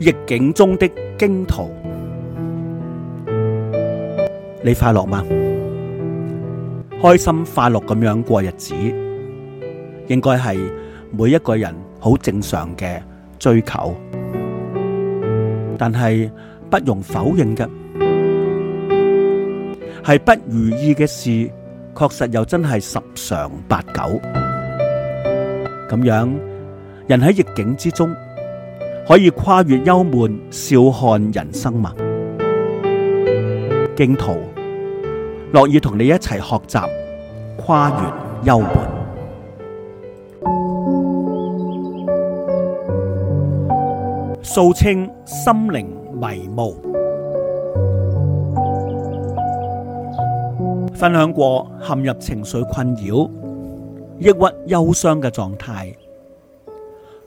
逆境中的荊徒，你快樂嗎？開心快樂咁樣過日子，應該係每一個人好正常嘅追求。但係不容否認嘅，係不如意嘅事，確實又真係十常八九。咁樣，人喺逆境之中。可以跨越幽悶，笑看人生嘛？荊徒樂意同你一齊學習跨越幽悶，掃清心靈迷霧。分享過陷入情緒困擾、抑鬱、憂傷嘅狀態，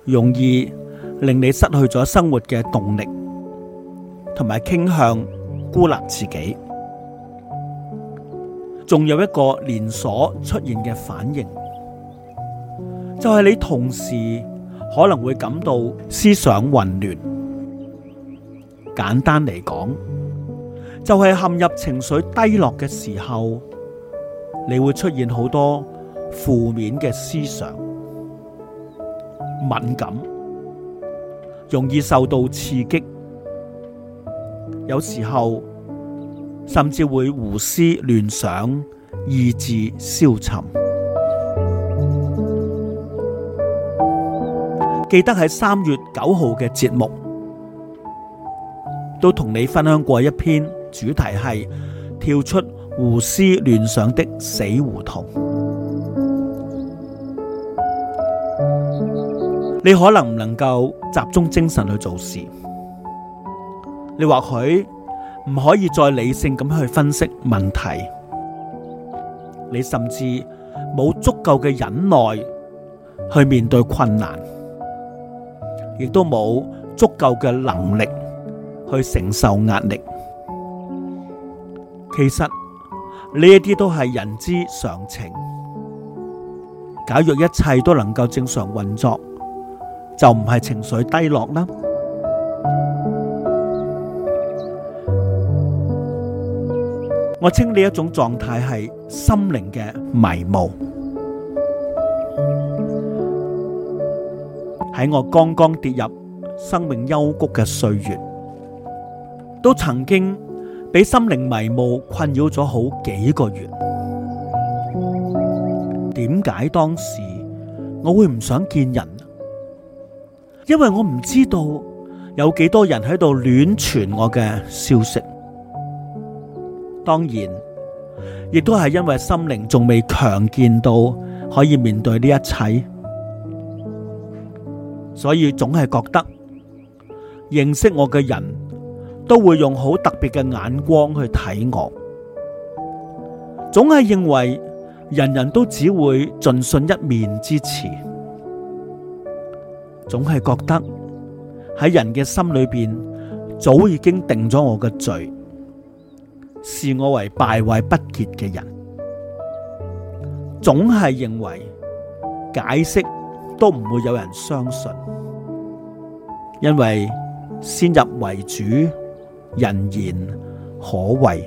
容易。令你失去咗生活嘅動力，同埋傾向孤立自己。仲有一個連鎖出現嘅反應，就係你同時可能會感到思想混亂。簡單嚟講，就係陷入情緒低落嘅時候，你會出現好多負面嘅思想，敏感。容易受到刺激，有時候甚至會胡思亂想、意志消沉。記得喺三月九號嘅節目，都同你分享過一篇主題係跳出胡思亂想的死胡同。你可能唔能夠集中精神去做事，你或許唔可以再理性咁去分析問題，你甚至冇足夠嘅忍耐去面對困難，亦都冇足夠嘅能力去承受壓力。其實呢一啲都係人之常情。假若一切都能夠正常運作，就唔係情緒低落啦。我稱呢一種狀態係心靈嘅迷霧。喺我剛剛跌入生命幽谷嘅歲月，都曾經俾心靈迷霧困擾咗好幾個月。點解當時我會唔想見人？因為我唔知道有幾多人喺度亂傳我嘅消息，當然亦都係因為心靈仲未強健到可以面對呢一切，所以總係覺得認識我嘅人都會用好特別嘅眼光去睇我，總係認為人人都只會盡信一面之詞。總係覺得喺人嘅心裏邊，早已經定咗我嘅罪，視我為敗壞不潔嘅人。總係認為解釋都唔會有人相信，因為先入為主，人言可畏。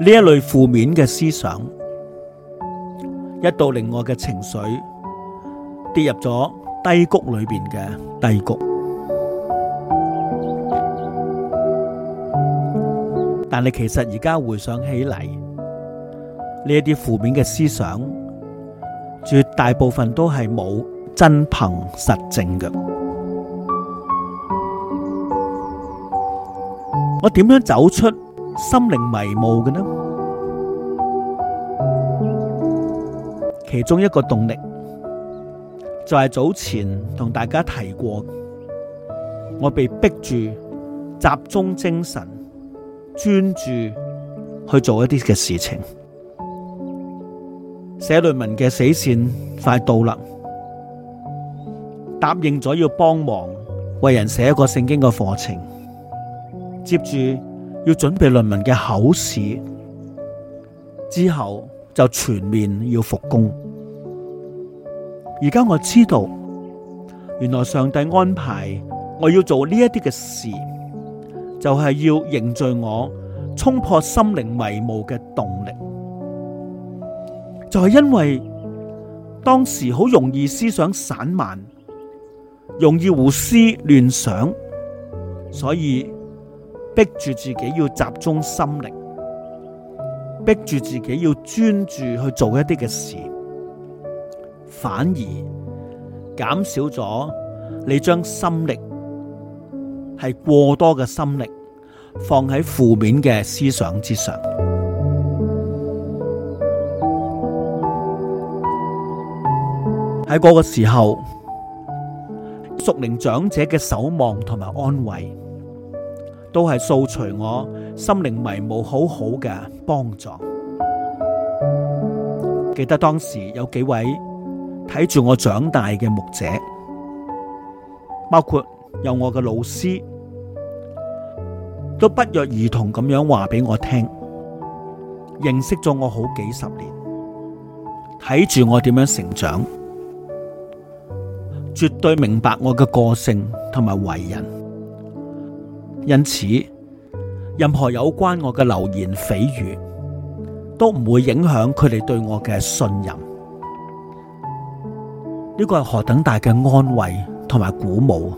呢一類負面嘅思想。一度令我嘅情緒跌入咗低谷裏面嘅低谷，但你其實而家回想起嚟，呢一啲負面嘅思想，絕大部分都係冇真憑實證嘅。我點樣走出心靈迷霧嘅呢？其中一個動力就係早前同大家提過，我被逼住集中精神專注去做一啲嘅事情。寫論文嘅死綫快到啦，答應咗要幫忙為人寫一個聖經嘅課程，接住要準備論文嘅口試之後。就全面要復工。而家我知道，原來上帝安排我要做呢一啲嘅事，就係要凝聚我衝破心靈迷霧嘅動力。就係因為當時好容易思想散漫，容易胡思亂想，所以逼住自己要集中心靈。逼住自己要專注去做一啲嘅事，反而減少咗你將心力係過多嘅心力放喺負面嘅思想之上。喺嗰個時候，屬靈長者嘅守望同埋安慰，都係掃除我。心靈迷霧，好好嘅幫助。記得當時有幾位睇住我長大嘅牧者，包括有我嘅老師，都不約而同咁樣話俾我聽。認識咗我好幾十年，睇住我點樣成長，絕對明白我嘅個性同埋為人，因此，任何有關我嘅流言蜚語，都唔會影響佢哋對我嘅信任。呢個係何等大嘅安慰同埋鼓舞。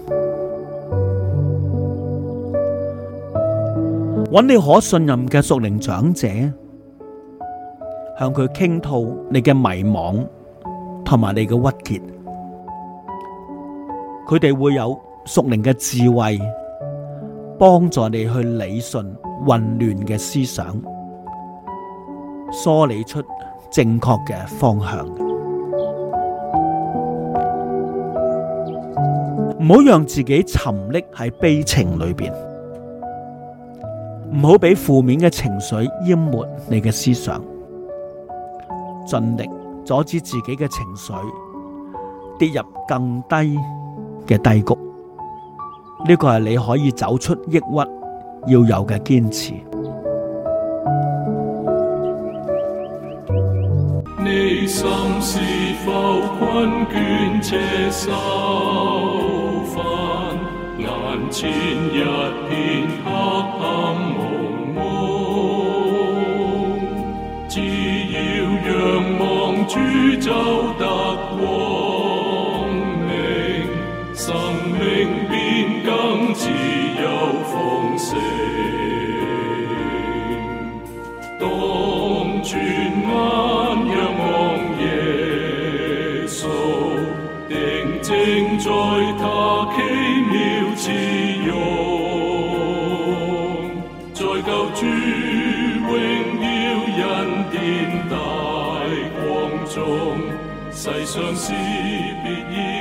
揾你可信任嘅屬靈長者，向佢傾吐你嘅迷惘同埋你嘅鬱結，佢哋會有屬靈嘅智慧，幫助你去理順混亂嘅思想，梳理出正確嘅方向。唔好讓自己沉溺喺悲情裏邊，唔好俾負面嘅情緒淹沒你嘅思想，盡力阻止自己嘅情緒跌入更低嘅低谷。呢個係你可以走出抑鬱要有嘅堅持。你心是否困倦，且收返眼前一片黑暗。轉眼仰望耶穌，定睛在祂奇妙慈容。在救主榮耀恩典大光中，世上事別意。